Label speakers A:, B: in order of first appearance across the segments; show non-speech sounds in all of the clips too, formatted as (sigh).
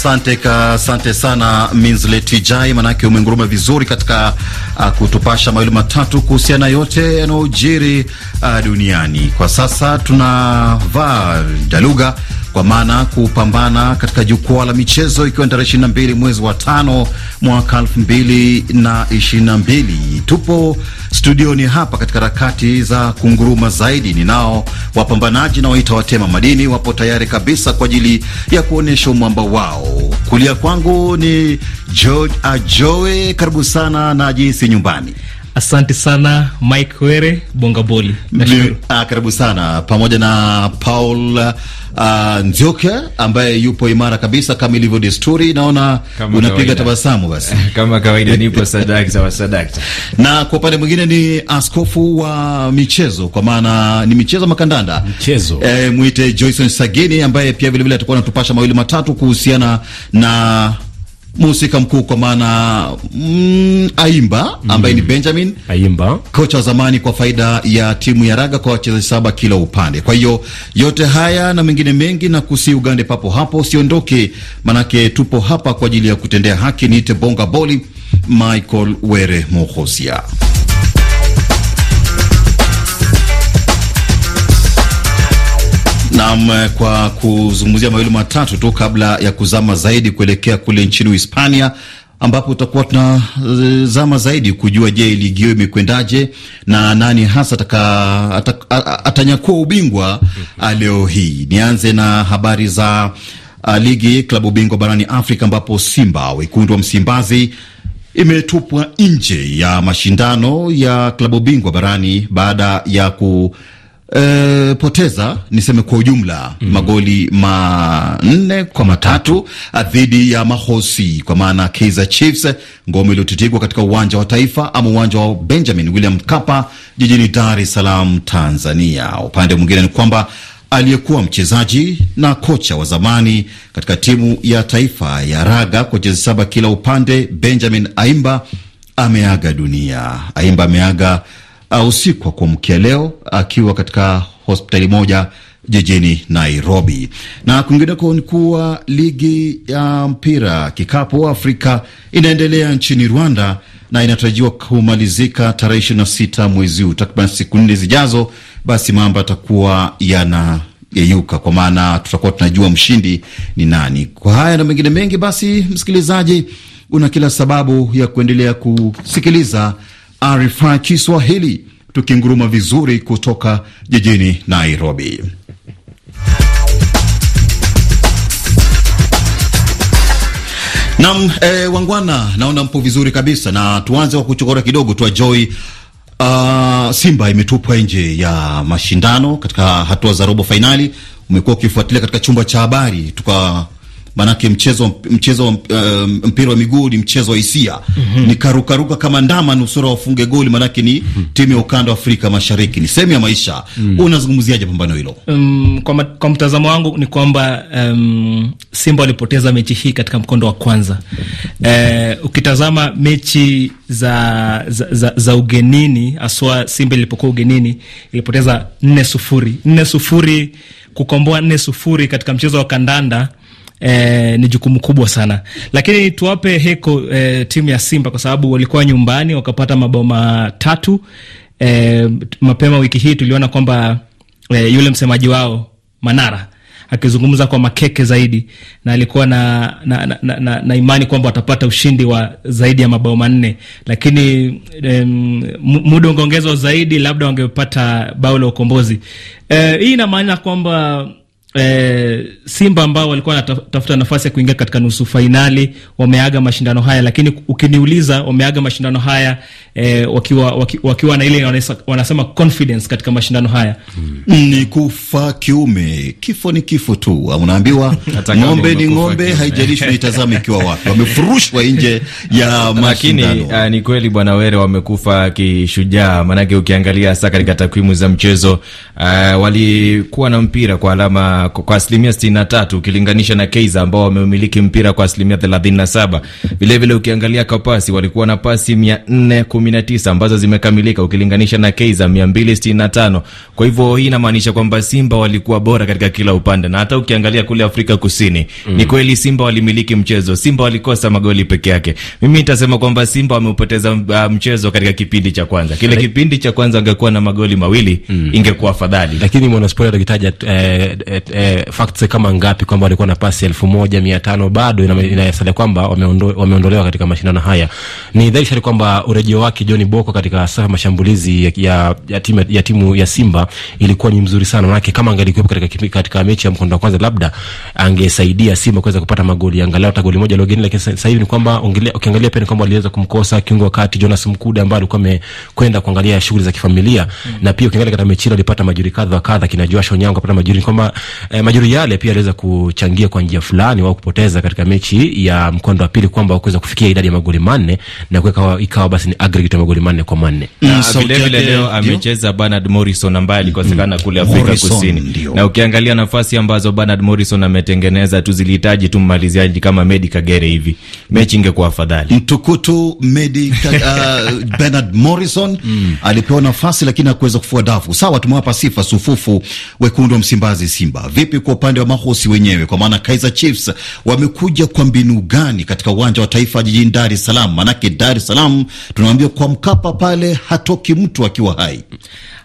A: Asante ka, asante sana Minslet Ijai, manake umenguruma vizuri katika uh, kutupasha mawili matatu kuhusiana yote yanayojiri uh, duniani. Kwa sasa tunavaa daluga kwa maana kupambana katika jukwaa la michezo ikiwa ni tarehe 22 mwezi wa tano mwaka 2022. Tupo studioni hapa katika harakati za kunguruma zaidi. Ninao wapambanaji na waita watema madini, wapo tayari kabisa kwa ajili ya kuonyesha mwamba wao. Kulia kwangu ni George Ajoe, karibu sana na jinsi nyumbani Asante sana Mike Were Bongaboli, nashukuru. Ah, karibu sana pamoja na Paul uh, Nzioke ambaye yupo imara kabisa kama ilivyo desturi. Naona unapiga tabasamu basi (laughs) kama kawaida nipo sadaki sawa sadaki. (laughs) Na kwa upande mwingine ni askofu wa michezo, kwa maana ni michezo makandanda, mchezo e, eh, mwite Joyson Sagini ambaye pia vilevile atakuwa anatupasha mawili matatu kuhusiana na mhusika mkuu kwa maana mm, Aimba mm-hmm. ambaye mm, ni Benjamin Aimba, kocha wa zamani kwa faida ya timu ya raga kwa wachezaji saba kila upande. Kwa hiyo yote haya na mengine mengi, na kusi ugande papo hapo, usiondoke, manake tupo hapa kwa ajili ya kutendea haki. Niite bonga boli Michael Were Mohosia. Naam, eh, kwa kuzungumzia mawili matatu tu kabla ya kuzama zaidi kuelekea kule nchini uhispania ambapo utakuwa tunazama zaidi kujua, je, ligi hiyo imekwendaje na nani hasa atanyakua ubingwa mm-hmm. leo hii. Nianze na habari za uh, ligi klabu bingwa barani Afrika ambapo Simba wekundu wa Msimbazi imetupwa nje ya mashindano ya klabu bingwa barani baada ya ku e, poteza niseme kwa ujumla mm. magoli manne kwa matatu ah, dhidi ya mahosi kwa maana Kaizer Chiefs, ngome iliyotitigwa katika uwanja wa Taifa ama uwanja wa Benjamin William Mkapa jijini Dar es Salaam, Tanzania. Upande mwingine ni kwamba aliyekuwa mchezaji na kocha wa zamani katika timu ya taifa ya raga kwa jezi saba kila upande Benjamin Aimba ameaga dunia. Aimba ameaga uh, usiku wa kuamkia leo akiwa katika hospitali moja jijini Nairobi. Na kwingineko ni kuwa ligi ya mpira kikapu Afrika inaendelea nchini Rwanda na inatarajiwa kumalizika tarehe ishirini na sita mwezi huu, takriban siku nne zijazo. Basi mambo yatakuwa yana yeyuka kwa maana tutakuwa tunajua mshindi ni nani. Kwa haya na mengine mengi, basi msikilizaji, una kila sababu ya kuendelea kusikiliza RFI Kiswahili, tukinguruma vizuri kutoka jijini Nairobi. Nam e, eh, wangwana, naona mpo vizuri kabisa, na tuanze kwa kuchokora kidogo tu Joy. Uh, ah, Simba imetupwa nje ya mashindano katika hatua za robo fainali. Umekuwa ukifuatilia katika chumba cha habari, tuka maanake mchezo mchezo uh, mpira wa miguu ni mchezo wa hisia mm -hmm. ni kama ndama nusura wafunge goli, maanake ni mm -hmm. timu ya ukanda wa Afrika Mashariki, ni sehemu ya maisha mm -hmm. unazungumziaje pambano hilo? Um, kwa, kwa mtazamo wangu ni kwamba um,
B: Simba walipoteza mechi hii katika mkondo wa kwanza e, ukitazama mechi za, za, za, za ugenini aswa Simba ilipokuwa ugenini ilipoteza nne sufuri nne sufuri kukomboa nne sufuri katika mchezo wa kandanda eh, ni jukumu kubwa sana, lakini tuwape heko eh, timu ya Simba kwa sababu walikuwa nyumbani wakapata mabao matatu. Eh, mapema wiki hii tuliona kwamba eh, yule msemaji wao Manara akizungumza kwa makeke zaidi na alikuwa na, na, na, na, na, imani kwamba watapata ushindi wa zaidi ya mabao manne, lakini em, muda ungeongezwa zaidi, labda wangepata bao la ukombozi. Eh, hii ina maana kwamba E, Simba ambao walikuwa wanatafuta nafasi ya kuingia katika nusu fainali wameaga mashindano haya, lakini ukiniuliza wameaga mashindano haya e, wakiwa, wakiwa, wakiwa na ile wanasema confidence katika mashindano
A: haya hmm. Ni kufa kiume, kifo ni kifo tu, ah, unaambiwa (laughs) ng'ombe ni ng'ombe, haijalishi itazame ikiwa wapi, wamefurushwa nje ya (laughs) mashindano. Lakini
C: ah, ni kweli bwana Were, wamekufa kishujaa, maanake ukiangalia hasa katika takwimu za mchezo uh, walikuwa na mpira kwa alama kwa asilimia 63 ukilinganisha na Kaizer ambao wameumiliki mpira kwa asilimia 37. Vilevile ukiangalia Kapasi walikuwa na pasi 419 ambazo zimekamilika ukilinganisha na Kaizer 265. Kwa hivyo hii inamaanisha kwamba Simba walikuwa bora katika kila upande, na hata ukiangalia kule Afrika Kusini mm. ni kweli Simba walimiliki mchezo, Simba walikosa magoli peke yake. Mimi nitasema kwamba Simba wameupoteza uh, mchezo katika kipindi cha kwanza. Kile Lek kipindi cha kwanza angekuwa na magoli mawili mm. ingekuwa afadhali,
D: lakini mwanaspoti atakitaja eh, eh, eh, facts kama ngapi kwamba walikuwa na pasi elfu moja mia tano bado inasalia ina kwamba wameondo, wameondolewa katika mashindano haya. Ni dhahiri shari kwamba urejeo wake John Boko katika safu mashambulizi ya, ya, ya, timu, ya timu ya Simba ilikuwa ni mzuri sana, manake kama angalikuwa katika, katika mechi ya mkondo wa kwanza labda angesaidia Simba kuweza kupata magoli angalau hata goli moja logeni, lakini sasa hivi ni kwamba ukiangalia pia ni kwamba waliweza kumkosa kiungo wa kati Jonas Mkude ambaye alikuwa amekwenda kuangalia shughuli za kifamilia mm. na pia ukiangalia katika mechi ile walipata majuri kadha wa kadha, kina Joshua Onyango kapata majuri, ni kwamba eh, majuri yale pia aliweza kuchangia kwa njia fulani wao kupoteza katika mechi ya mkondo wa pili kwamba wakuweza kufikia idadi ya magoli manne na kuweka ikawa basi ni aggregate ya magoli manne kwa manne. Mm, vile vile leo amecheza
C: Bernard Morrison ambaye alikosekana mm, kule Afrika Kusini ndio. Na ukiangalia nafasi ambazo Bernard Morrison ametengeneza tu zilihitaji tu mmaliziaji kama Medi Kagere hivi mechi ingekuwa afadhali.
A: Mtukutu Medi (laughs) uh, Bernard Morrison mm. alipewa nafasi lakini hakuweza kufua dafu. Sawa, tumewapa sifa sufufu wekundu wa Msimbazi Simba Vipi kwa upande wa mahosi wenyewe, kwa maana Kaizer Chiefs wamekuja kwa mbinu gani katika uwanja wa taifa jijini Dar es Salaam? Manake Dar es Salaam tunaambia kwa Mkapa pale hatoki mtu akiwa hai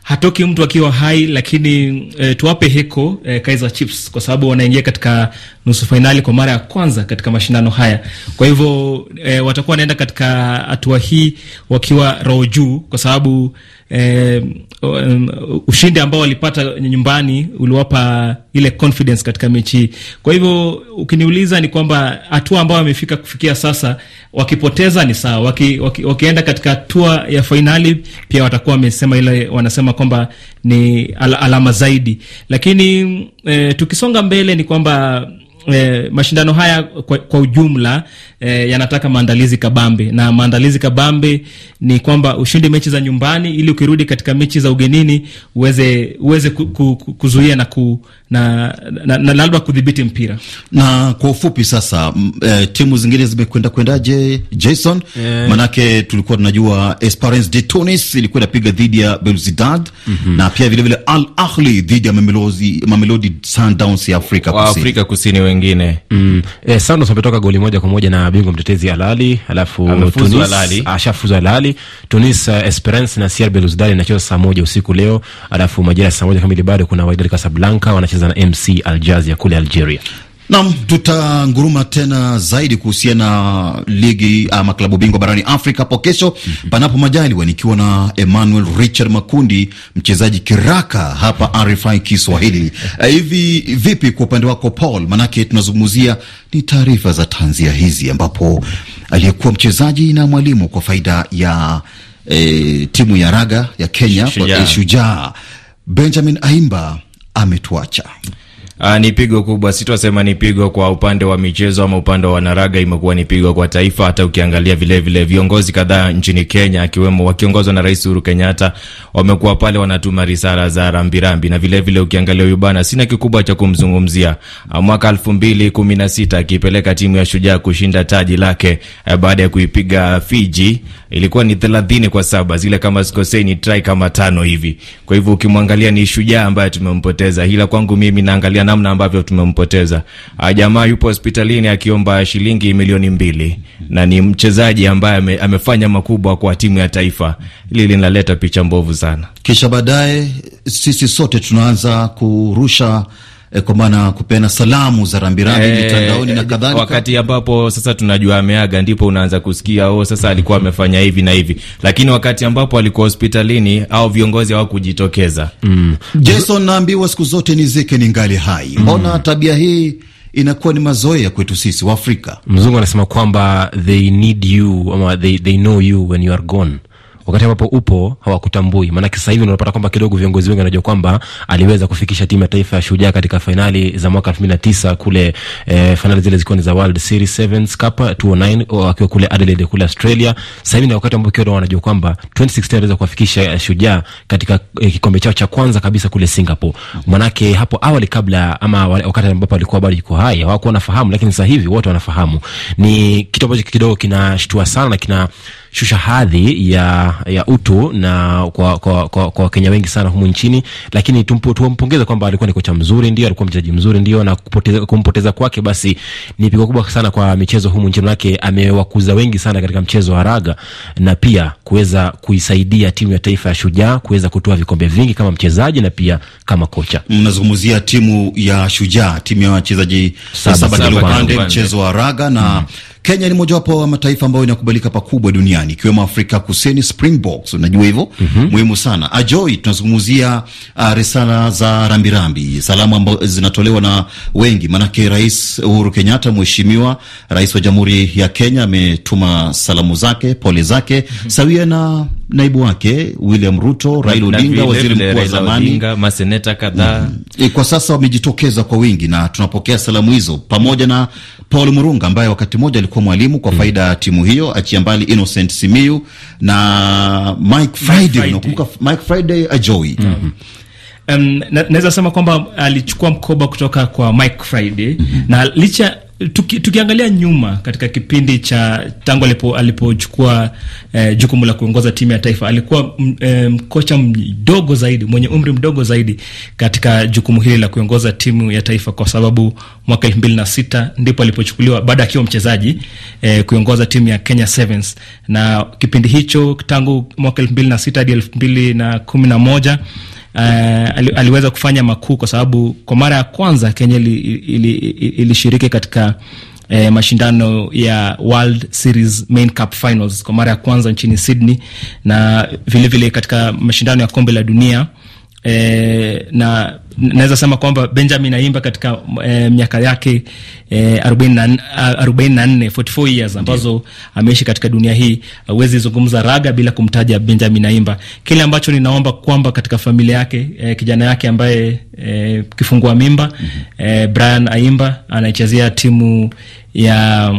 A: hatoki mtu akiwa
B: hai, lakini e, tuwape heko e, Kaizer Chiefs kwa sababu wanaingia katika nusu fainali kwa mara ya kwanza katika mashindano haya. Kwa hivyo e, watakuwa wanaenda katika hatua hii wakiwa roho juu, kwa sababu eh, ushindi ambao walipata nyumbani uliwapa ile confidence katika mechi hii. Kwa hivyo ukiniuliza, ni kwamba hatua ambayo wamefika kufikia sasa, wakipoteza ni sawa, waki, waki, wakienda katika hatua ya fainali pia watakuwa wamesema ile wanasema kwamba ni al alama zaidi, lakini eh, tukisonga mbele ni kwamba eh, mashindano haya kwa, kwa ujumla eh, yanataka maandalizi kabambe, na maandalizi kabambe ni kwamba ushindi mechi za nyumbani ili ukirudi katika mechi za ugenini uweze uweze ku, ku, ku, kuzuia na, ku, na, na, na labda kudhibiti mpira.
A: Na kwa ufupi sasa, eh, timu zingine zimekwenda kwendaje, Jason? Yeah. Manake tulikuwa tunajua Esperance de Tunis ilikuwa inapiga dhidi ya Belouizdad mm -hmm. na pia vilevile Al Ahly dhidi ya Mamelodi Mamelodi Sundowns ya Afrika Kusini, Afrika
C: Kusini mengine
D: mm. Eh, Santos ametoka goli moja kwa moja na bingwa mtetezi Alali, alafu ashafuzu Alali, Tunis uh, Esperance na CR Belouizdad inacheza saa moja usiku leo, alafu majira ya saa moja kamili bado kuna Wydad Casablanca wanacheza na MC aljazia ya kule Algeria.
A: Nam, tutanguruma tena zaidi kuhusiana na ligi ama klabu bingwa barani Afrika hapo kesho, mm -hmm. panapo majaliwa, nikiwa na Emmanuel Richard Makundi, mchezaji kiraka hapa RFI Kiswahili. (laughs) Eh, hivi vipi kwa upande wako Paul? Maanake tunazungumzia ni taarifa za tanzia hizi, ambapo aliyekuwa mchezaji na mwalimu kwa faida ya e, timu ya raga ya Kenya Shujaa, eh, Shujaa. Benjamin Aimba ametuacha. Aa, ah, ni pigo kubwa,
C: sitosema ni pigo kwa upande wa michezo ama upande wa wanaraga, imekuwa ni pigo kwa taifa. Hata ukiangalia vile vile viongozi kadhaa nchini Kenya, akiwemo wakiongozwa na Rais Uhuru Kenyatta, wamekuwa pale wanatuma risala za rambirambi, na vile vile ukiangalia huyu bana, sina kikubwa cha kumzungumzia. Ah, mwaka 2016 akipeleka timu ya Shujaa kushinda taji lake eh, baada ya kuipiga Fiji, ilikuwa ni 30 kwa saba, zile kama sikosei ni try kama tano hivi. Kwa hivyo ukimwangalia ni Shujaa ambaye tumempoteza, ila kwangu mimi naangalia namna ambavyo tumempoteza. Ah, jamaa yupo hospitalini akiomba shilingi milioni mbili na ni mchezaji ambaye ame, amefanya makubwa kwa timu ya taifa. Hili linaleta picha mbovu sana,
A: kisha baadaye sisi sote tunaanza kurusha eh, kwa maana kupeana salamu za rambirambi eh, mitandaoni na kadhalika. Wakati
C: ambapo sasa tunajua ameaga, ndipo unaanza kusikia oh, sasa alikuwa amefanya hivi na hivi, lakini wakati ambapo alikuwa hospitalini au viongozi hawakujitokeza.
D: mm.
A: Jason, naambiwa siku zote Nizeke ni ngali hai. Mm. Mbona mm. tabia hii inakuwa ni mazoea kwetu sisi Waafrika.
D: Mzungu anasema kwamba they need you ama they, they know you when you are gone wakati ambapo upo hawakutambui. Maanake sasa hivi unapata kwamba kidogo viongozi wengi wanajua kwamba aliweza kufikisha timu ya taifa ya Shujaa katika fainali za mwaka elfu mbili na tisa kule eh, fainali zile zikiwa ni za World Series Sevens Cup 2009 wakiwa kule Adelaide kule Australia. Sasa hivi ni wakati ambapo kidogo wanajua kwamba 2016 aliweza kuwafikisha eh, Shujaa katika eh, kikombe chao cha kwanza kabisa kule Singapore. Maanake hapo awali kabla ama wakati ambapo alikuwa bado yuko hai hawakuwa wanafahamu, lakini sasa hivi wote wanafahamu. Ni kitu ambacho kidogo kinashtua sana na kina kushusha hadhi ya, ya utu na kwa, kwa, kwa, kwa Wakenya wengi sana humu nchini, lakini tumpongeze kwamba alikuwa ni kocha mzuri, ndio alikuwa mchezaji mzuri, ndio na kupoteza, kumpoteza kwake basi ni pigo kubwa sana kwa michezo humu nchini, manake amewakuza wengi sana katika mchezo wa raga na pia kuweza kuisaidia timu ya taifa ya Shujaa kuweza kutoa vikombe vingi kama mchezaji na pia
A: kama kocha. Mnazungumzia timu ya Shujaa, timu ya wachezaji saba kilo pande, mchezo wa raga na mm -hmm. Kenya ni mojawapo wa mataifa ambayo inakubalika pakubwa duniani ikiwemo Afrika Kusini, Springboks, unajua hivyo mm -hmm. Muhimu sana ajoi, tunazungumzia uh, risala za rambirambi, salamu ambazo zinatolewa na wengi, maanake Rais Uhuru Kenyatta, mheshimiwa rais wa Jamhuri ya Kenya, ametuma salamu zake, pole zake mm -hmm. sawia na naibu wake William Ruto, Raila Odinga, waziri mkuu wa zamani
C: maseneta kadhaa mm.
A: -hmm. E, kwa sasa wamejitokeza kwa wingi na tunapokea salamu hizo pamoja na Paul Murunga ambaye wakati mmoja alikuwa mwalimu kwa mm. faida ya timu hiyo, achia mbali Innocent simiu na Mike Friday, unakumbuka Mike Friday Ajoi. Mm-hmm. mm-hmm.
B: Um, naweza sema kwamba alichukua mkoba kutoka kwa Mike Friday mm -hmm. na licha Tuki, tukiangalia nyuma katika kipindi cha tangu alipo alipochukua eh, jukumu la kuongoza timu ya taifa alikuwa mm, eh, mkocha mdogo zaidi mwenye umri mdogo zaidi katika jukumu hili la kuongoza timu ya taifa, kwa sababu mwaka elfu mbili na sita ndipo alipochukuliwa baada akiwa mchezaji eh, kuongoza timu ya Kenya Sevens, na kipindi hicho tangu mwaka elfu mbili na sita hadi elfu mbili na kumi na moja uh, aliweza kufanya makuu kwa sababu kwa mara ya kwanza Kenya ilishiriki katika E, mashindano ya World Series Main Cup Finals kwa mara ya kwanza nchini Sydney na vilevile vile katika mashindano ya kombe la dunia Eh, na naweza sema kwamba Benjamin aimba katika e, miaka yake e, 44 44 years ambazo ameishi katika dunia hii, awezi zungumza raga bila kumtaja Benjamin aimba Kile ambacho ninaomba kwamba katika familia yake e, kijana yake ambaye e, kifungua mimba mm -hmm. e, Brian aimba anaichezea timu ya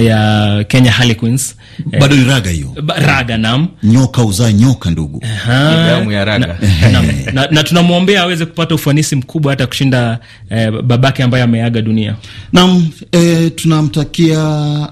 B: ya Kenya Harlequins eh, bado ni raga hiyo raga, nam
A: nyoka uzaa nyoka, ndugu uh damu ya
C: raga na,
B: na, na, na tunamwombea aweze kupata ufanisi mkubwa hata kushinda eh, babake ambaye ameaga dunia.
A: Nam eh, tunamtakia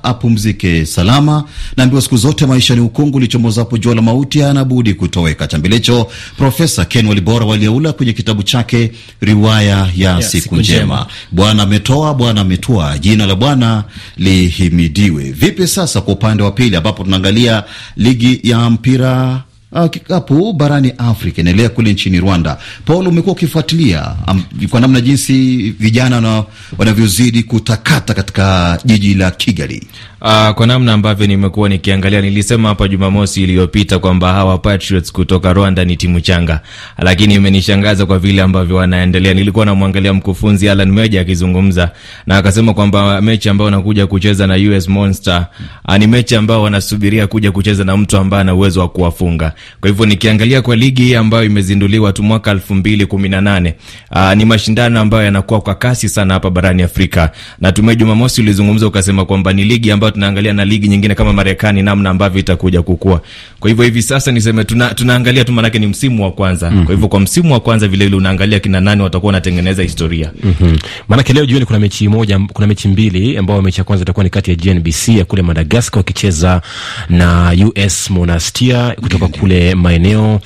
A: apumzike salama. Naambiwa siku zote maisha ni ukungu, lichomozapo jua la mauti hana budi kutoweka. Chambilecho Profesa Ken Walibora Waliaula kwenye kitabu chake Riwaya ya Siku Njema. Bwana ametoa Bwana ametua, jina la Bwana lihimi Diwe. Vipi sasa kwa upande wa pili ambapo tunaangalia ligi ya mpira uh, kikapu barani Afrika inaelea kule nchini Rwanda. Paul, umekuwa ukifuatilia um, kwa namna jinsi vijana wanavyozidi kutakata katika jiji la Kigali.
C: Uh, kwa namna ambavyo nimekuwa nikiangalia, nilisema hapa Jumamosi iliyopita kwamba hawa Patriots kutoka Rwanda ni timu changa, lakini imenishangaza kwa vile ambavyo wanaendelea. Nilikuwa namwangalia mkufunzi Alan Meja akizungumza na akasema kwamba mechi ambayo wanakuja kucheza na US Monster ah, ni mechi ambayo wanasubiria kuja kucheza na mtu ambaye ana uwezo wa kuwafunga. Kwa hivyo nikiangalia kwa ligi hii ambayo imezinduliwa tu mwaka 2018 ah, ni mashindano ambayo yanakuwa kwa kasi sana hapa barani Afrika. Na tume Jumamosi ulizungumza ukasema kwamba ni ligi ambayo tunaangalia na ligi nyingine kama Marekani, namna ambavyo itakuja kukua. Kwa hivyo hivi sasa niseme tuna, tunaangalia tu, maanake ni msimu wa kwanza. Mhm. Kwa hivyo kwa msimu wa kwanza vile vile unaangalia kina nani watakuwa wanatengeneza historia.
D: Mm -hmm. Maanake leo jioni kuna mechi moja, kuna mechi mbili ambayo mechi ya kwanza itakuwa ni kati ya GNBC ya kule Madagascar wakicheza na US Monastir kutoka kule kule maeneo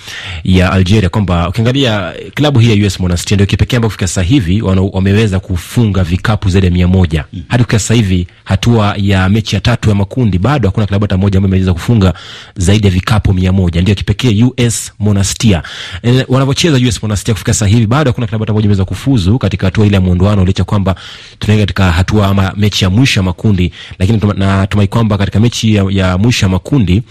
D: ya Algeria, kwamba ukiangalia klabu hii ya US Monastir ndio kipekee ambayo kufika sasa hivi wameweza kufunga vikapu zaidi ya mia moja mm. hadi kufika sasa hivi hatua ya mechi ya tatu ya makundi, bado hakuna klabu hata moja ambayo imeweza kufunga zaidi ya vikapu mia moja Ndio kipekee US Monastir eh, wanavyocheza US Monastir kufika sasa hivi, bado hakuna klabu hata moja imeweza kufuzu katika hatua ile ya muondoano, licha kwamba tunaingia katika hatua ama mechi ya mwisho ya makundi, lakini natumai kwamba katika mechi ya, ya mwisho ya makundi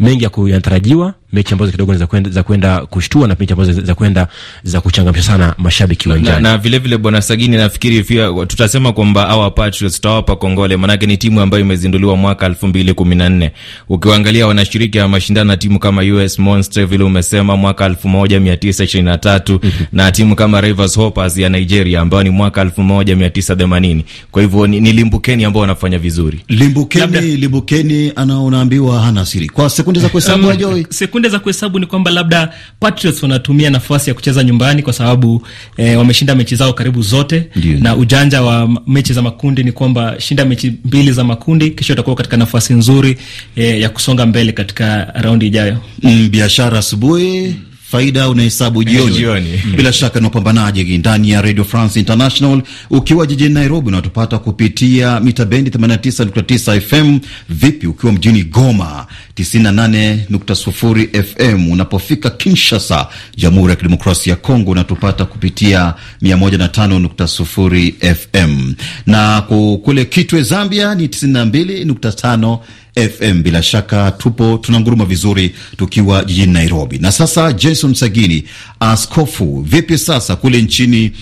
D: mengi yanatarajiwa mechi ambazo kidogo ni za kwenda za kwenda kushtua na mechi ambazo za kwenda za kuchangamsha sana mashabiki uwanjani. Na,
C: na vile vile Bwana Sagini, nafikiri pia tutasema kwamba hawa Patriots tawapa kongole, maanake ni timu ambayo imezinduliwa mwaka 2014. ukiangalia wanashiriki mashindano na timu kama US Monster vile umesema mwaka 1923 mm -hmm. na timu kama Rivers Hoppers ya Nigeria ambayo ni mwaka 1980. Kwa hivyo ni, ni Limbukeni ambao wanafanya vizuri.
A: Limbukeni, Limbukeni anaonaambiwa hana siri. Kwa sekunde za
B: kuhesabu um, sekunde za kuhesabu ni kwamba labda Patriots wanatumia nafasi ya kucheza nyumbani kwa sababu e, wameshinda mechi zao karibu zote Ndiyo. na ujanja wa mechi za makundi ni kwamba shinda mechi mbili za makundi, kisha utakuwa katika nafasi nzuri e, ya kusonga mbele katika
A: raundi ijayo. Mm, biashara asubuhi faida unahesabu jioni, hmm. Bila shaka ni wapambanaji ndani ya Radio France International. Ukiwa jijini Nairobi unatupata kupitia mita bendi 89.9 FM. Vipi ukiwa mjini Goma 98.0 FM? Unapofika Kinshasa, Jamhuri ya Kidemokrasia ya Kongo, unatupata kupitia 105.0 FM, na kule Kitwe Zambia ni 92.5 FM. Bila shaka tupo tunanguruma vizuri tukiwa jijini Nairobi. Na sasa Jason Sagini, askofu, vipi sasa kule nchini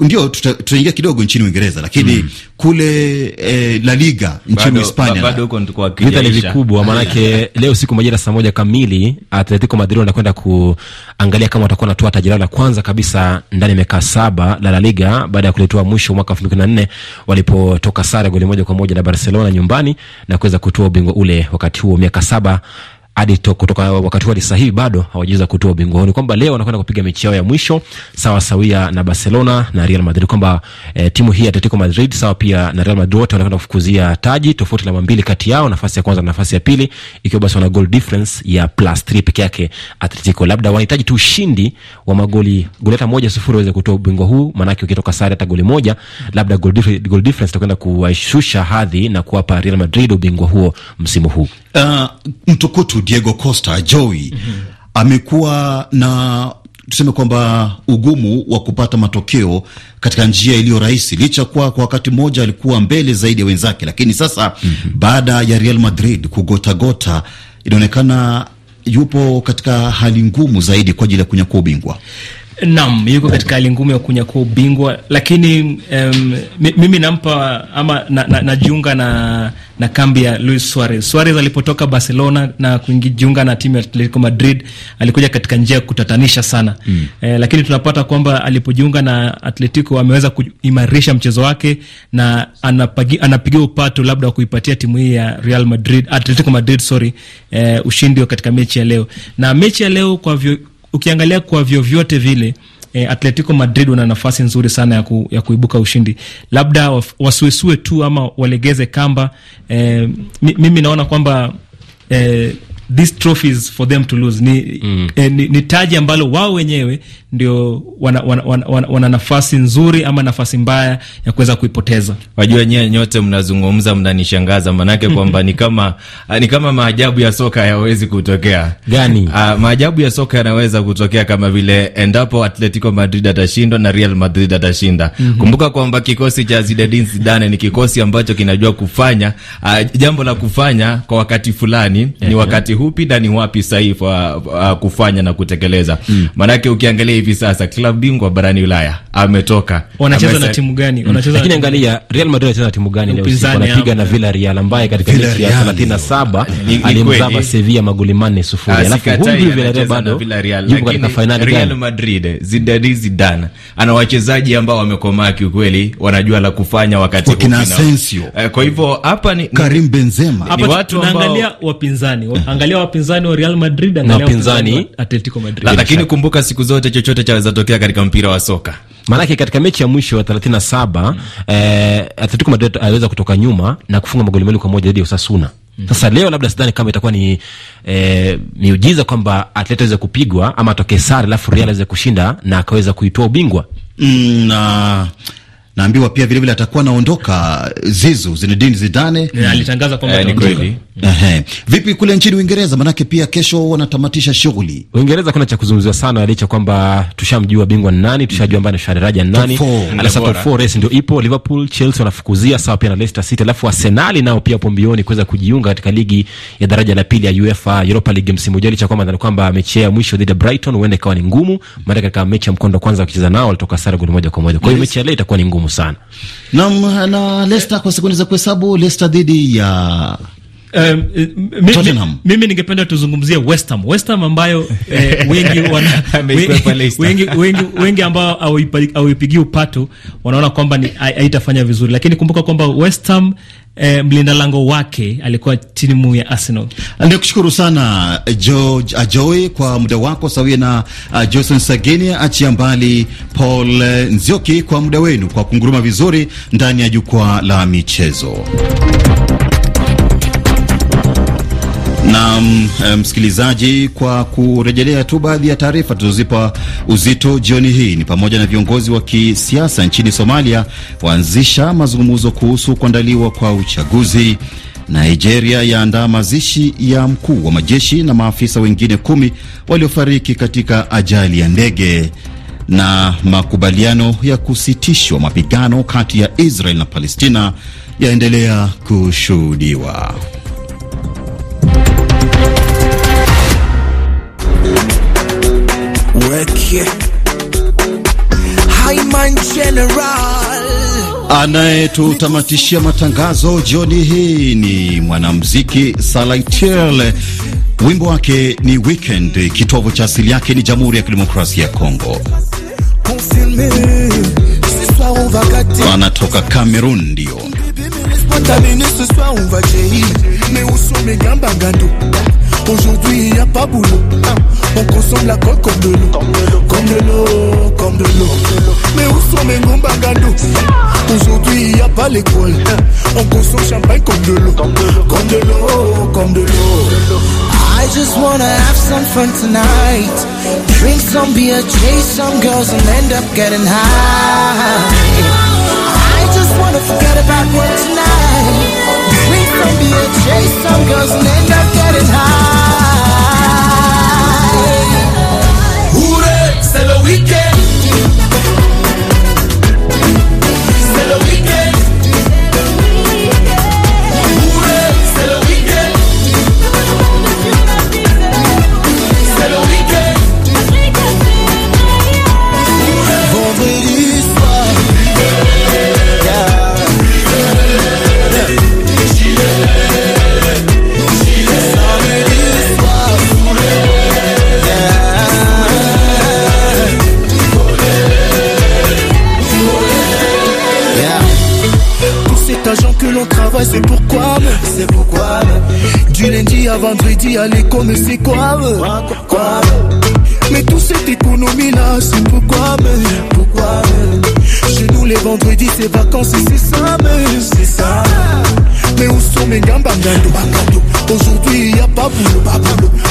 A: ndio tutaingia kidogo nchini Uingereza, lakini mm. kule e, La Liga nchini Hispania bado huko
C: ndiko vita ni vikubwa, maanake
A: (laughs) leo siku majira
D: saa moja kamili Atletico Madrid wanakwenda kuangalia kama watakuwa wanatoa taji lao la kwanza kabisa ndani ya miaka saba la La Liga baada ya kuletoa mwisho mwaka elfu mbili kumi na nne walipotoka sare goli moja kwa moja na Barcelona nyumbani na kuweza kutoa ubingwa ule wakati huo miaka saba hadi kutoka wakati hadi sasa hivi bado hawajaweza kutoa ubingwa, kwamba leo wanakwenda kupiga mechi yao ya mwisho sawa sawia na Barcelona na Real Madrid, kwamba eh, timu hii Atletico Madrid sawa pia na Real Madrid wote wanakwenda kufukuzia taji, tofauti la mbili kati yao, nafasi ya kwanza na nafasi ya pili, ikiwa basi wana goal difference ya plus 3 peke yake. Atletico labda wanahitaji tu ushindi wa magoli goli hata moja sifuri waweze kutoa ubingwa huu, maanake ukitoka sare hata goli moja, labda goal difference itakwenda kuwashusha hadhi na kuwapa Real Madrid ubingwa huo msimu huu uh, mtukutu
A: Diego Costa Joey mm -hmm. amekuwa na tuseme kwamba ugumu wa kupata matokeo katika njia iliyo rahisi, licha kuwa kwa wakati mmoja alikuwa mbele zaidi ya wenzake, lakini sasa mm -hmm. baada ya Real Madrid kugotagota, inaonekana yupo katika hali ngumu zaidi kwa ajili ya kunyakua ubingwa. Naam,
B: yuko katika hali ngumu ya kunyakua ubingwa, lakini um, mimi nampa ama najiunga na, na, na, na kambi ya Luis Suarez. Suarez alipotoka Barcelona na kujiunga na timu ya Atletico Madrid alikuja katika njia ya kutatanisha sana mm. Eh, lakini tunapata kwamba alipojiunga na Atletico ameweza kuimarisha mchezo wake na anapigia upato labda wa kuipatia timu hii ya Real Madrid, Atletico Madrid sorry, eh, ushindi katika mechi ya leo na mechi ya leo kwa vyo, ukiangalia kwa vyovyote vile E, Atletico Madrid wana nafasi nzuri sana ya, ku, ya kuibuka ushindi, labda wasuesue tu ama walegeze kamba. E, mimi naona kwamba e, these trophies for them to lose ni, mm. eh, ni, ni taji ambalo wao wenyewe ndio wana, wana, wana, wana, wana nafasi nzuri ama nafasi mbaya ya kuweza kuipoteza.
C: Wajua nyie nyote mnazungumza mnanishangaza, manake kwamba ni kama (laughs) ni kama maajabu ya soka hayawezi kutokea gani? Uh, maajabu ya soka yanaweza kutokea kama vile endapo Atletico Madrid atashindwa na Real Madrid atashinda. mm -hmm. Kumbuka kwamba kikosi cha Zinedine Zidane ni kikosi ambacho kinajua kufanya uh, jambo la kufanya kwa wakati fulani, yeah, ni eh, wakati wakati hupi na ni wapi sahihi uh, uh, kufanya na kutekeleza mm. Maanake ukiangalia hivi sasa klabu bingwa barani Ulaya ametoka, wanacheza na
D: timu gani? Hmm. Wanacheza lakini, angalia Real Madrid anacheza na timu gani leo? Wanapiga na Villarreal ambaye katika mechi ya 37 alimzaba Sevilla magoli
C: manne sufuri, ah, alafu huyu Villarreal bado yuko katika finali. Real Madrid Zidane, Zidane ana wachezaji ambao wamekomaa kiukweli, wanajua la kufanya wakati huu na Asensio. Eh, kwa hivyo hapa ni Karim Benzema, hapa tunaangalia
B: wapinzani (laughs) angalia wapinzani
D: wa Real Madrid,
C: angalia wapinzani wa
D: Atletico
B: Madrid. Lakini
C: kumbuka siku zote chochote chaweza tokea katika mpira wa soka.
D: Maanake katika mechi ya mwisho wa 37 mm. eh, Atletico Madrid aliweza kutoka nyuma na kufunga magoli mawili kwa moja dhidi ya Osasuna. Mm. Sasa leo labda sidhani kama itakuwa ni e, miujiza kwamba Atleti aweze kupigwa ama atokee sare alafu Real aweze kushinda na akaweza kuitoa
A: ubingwa mm, na naambiwa pia vilevile atakuwa anaondoka Zizu, Zinedine Zidane eh, alitangaza kwamba eh, anaondoka. Vipi kule nchini Uingereza? Manake
D: pia kesho wanatamatisha shughuli. Uingereza kuna cha kuzungumziwa sana, licha kwamba tushamjua bingwa ni nani, tushajua ambaye anashika daraja ni nani, alafu top 4 race ndio ipo. Liverpool, Chelsea wanafukuzia sawa, pia na Leicester City, alafu Arsenal nao pia hapo mbioni kuweza kujiunga katika ligi ya daraja la pili ya UEFA Europa League msimu ujao, licha kwamba kwamba mechi ya mwisho dhidi ya Brighton huenda ikawa ni ngumu, maana katika mechi ya mkondo wa kwanza wakicheza nao walitoka sare goli moja kwa moja. Kwa hiyo mechi ya leo itakuwa ni ngumu ngumu sana.
A: Naam, na Leicester kwa sekunde za kuhesabu, Leicester dhidi ya Uh,
B: mimi, ningependa tuzungumzie West Ham. West Ham ambayo eh, (laughs) wengi wana, wengi, wengi, wengi ambao hawaipigia upato wanaona kwamba haitafanya vizuri, lakini kumbuka kwamba West Ham eh, mlinda lango wake alikuwa timu ya Arsenal.
A: Ndio kushukuru sana George Ajoy kwa muda wako sawia na uh, Jason Sageni, achia mbali Paul eh, Nzioki kwa muda wenu kwa kunguruma vizuri ndani ya jukwaa la michezo. Na eh, msikilizaji, kwa kurejelea tu baadhi ya taarifa tulizozipa uzito jioni hii, ni pamoja na viongozi wa kisiasa nchini Somalia waanzisha mazungumzo kuhusu kuandaliwa kwa uchaguzi. Nigeria yaandaa mazishi ya mkuu wa majeshi na maafisa wengine kumi waliofariki katika ajali ya ndege, na makubaliano ya kusitishwa mapigano kati ya Israel na Palestina yaendelea kushuhudiwa.
D: wake
C: General
A: anayetutamatishia matangazo jioni hii ni mwanamuziki Salaitiel. Wimbo wake ni Weekend. Kitovu cha asili yake ni Jamhuri ya Kidemokrasia ya Kongo. Anatoka Cameroon ndio Aujourd'hui, y a pas boulot. On consomme la colle comme de l'eau. Comme de l'eau, comme de
C: l'eau. Mais où sont mes ngombangando Aujourd'hui, y a pas l'école. On consomme champagne comme de l'eau. Comme de l'eau, comme de l'eau. I just wanna have some fun tonight. Drink some beer, chase some girls, and end up getting high. I just wanna forget about work tonight. Drink some beer, chase some girls, and end up getting high. we can. c'est pourquoi C'est pourquoi Du lundi à vendredi à l'école, c'est quoi Pourquoi Mais toute cette économie là, c'est pourquoi Pourquoi Chez nous les vendredis, c'est vacances c'est ça, c'est ça mais où sont mes gambangando Aujourd'hui y a pas boulot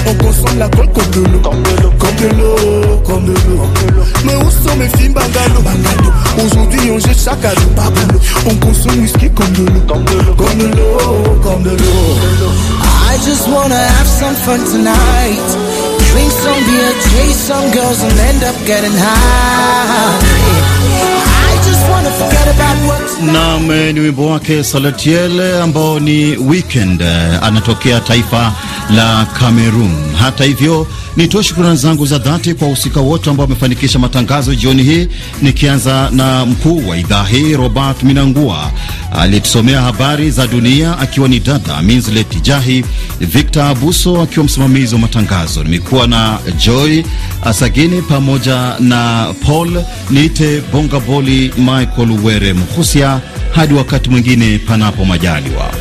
C: On consomme la colle comme de l'eau Comme de l'eau, comme de l'eau Mais où sont mes filles bangando Aujourd'hui on jette chaque année On consomme whisky comme de l'eau Comme de l'eau, comme de l'eau I just wanna have some fun tonight
A: Drink some beer,
C: chase some girls and end up getting
A: high Nam eh, ni wimbo wake Salatiel eh, ambao ni weekend, eh, anatokea taifa la Cameroon. Hata hivyo, nitoe shukrani zangu za dhati kwa wahusika wote ambao wamefanikisha matangazo jioni hii, nikianza na mkuu wa idhaa hii Robert Minangua aliyetusomea habari za dunia, akiwa ni dada Minslet Jahi, Victor Abuso akiwa msimamizi wa matangazo. Nimekuwa na Joy Asagini pamoja na Paul niite Bongaboli, Michael Were Mhusia. Hadi wakati mwingine, panapo majaliwa.